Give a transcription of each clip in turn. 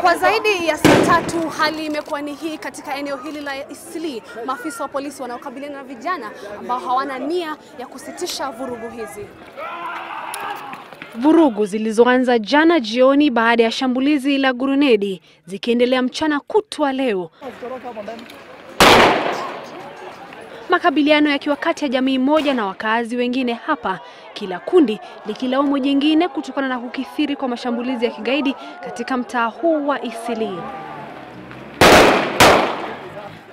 Kwa zaidi ya saa tatu hali imekuwa ni hii katika eneo hili la Isli, maafisa wa polisi wanaokabiliana na vijana ambao hawana nia ya kusitisha vurugu hizi. Vurugu zilizoanza jana jioni baada ya shambulizi la gurunedi zikiendelea mchana kutwa leo. Makabiliano yakiwa kati ya jamii moja na wakazi wengine hapa kila kundi likilaumu jingine kutokana na kukithiri kwa mashambulizi ya kigaidi katika mtaa huu wa Isilii.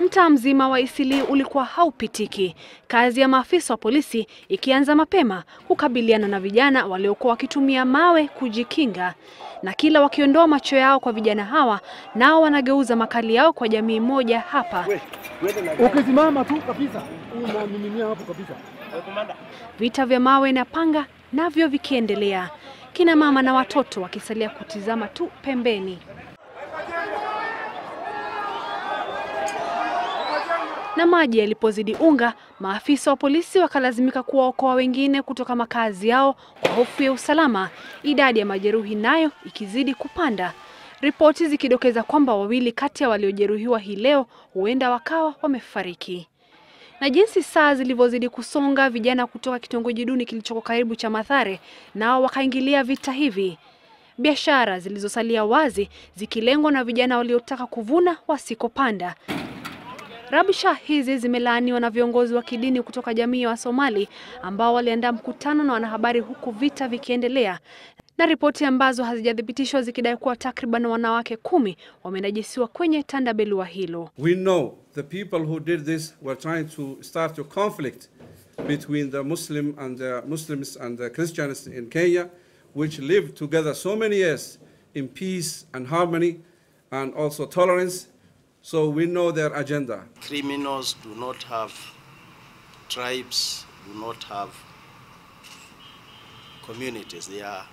Mtaa mzima wa isili ulikuwa haupitiki, kazi ya maafisa wa polisi ikianza mapema kukabiliana na vijana waliokuwa wakitumia mawe kujikinga, na kila wakiondoa macho yao kwa vijana hawa, nao wanageuza makali yao kwa jamii moja hapa. Ukisimama tu kabisa unamiminia hapo kabisa. Vita vya mawe na panga navyo vikiendelea, kina mama na watoto wakisalia kutizama tu pembeni. na maji yalipozidi unga, maafisa wa polisi wakalazimika kuwaokoa wengine kutoka makazi yao kwa hofu ya usalama, idadi ya majeruhi nayo ikizidi kupanda, ripoti zikidokeza kwamba wawili kati ya waliojeruhiwa hii leo huenda wakawa wamefariki na jinsi saa zilivyozidi kusonga, vijana kutoka kitongoji duni kilichoko karibu cha Mathare nao wakaingilia vita hivi, biashara zilizosalia wazi zikilengwa na vijana waliotaka kuvuna wasikopanda. Rabsha hizi zimelaaniwa na viongozi wa kidini kutoka jamii ya wa Wasomali ambao waliandaa mkutano na wanahabari huku vita vikiendelea na ripoti ambazo hazijathibitishwa zikidai kuwa takriban wanawake kumi wamenajisiwa kwenye tandabelua hilo. We know the people who did this were trying to start a conflict between the Muslim and the Muslims and the Christians in Kenya which lived together so many years in peace and harmony and also tolerance So we know their agenda. Criminals do not have tribes, do not have communities. They are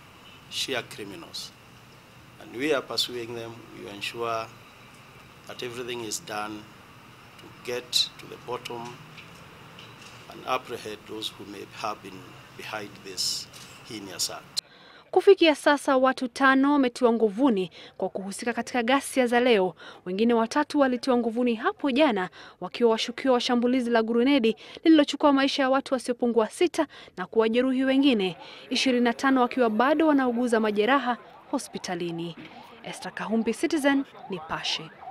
sheer criminals. And we are pursuing them. We ensure that everything is done to get to the bottom and apprehend those who may have been behind this heinous act. Kufikia sasa watu tano wametiwa nguvuni kwa kuhusika katika ghasia za leo. Wengine watatu walitiwa nguvuni hapo jana wakiwa washukiwa wa shambulizi la gurunedi lililochukua maisha ya watu wasiopungua sita na kuwajeruhi wengine 25 wakiwa bado wanauguza majeraha hospitalini. Esther Kahumbi, Citizen Nipashe.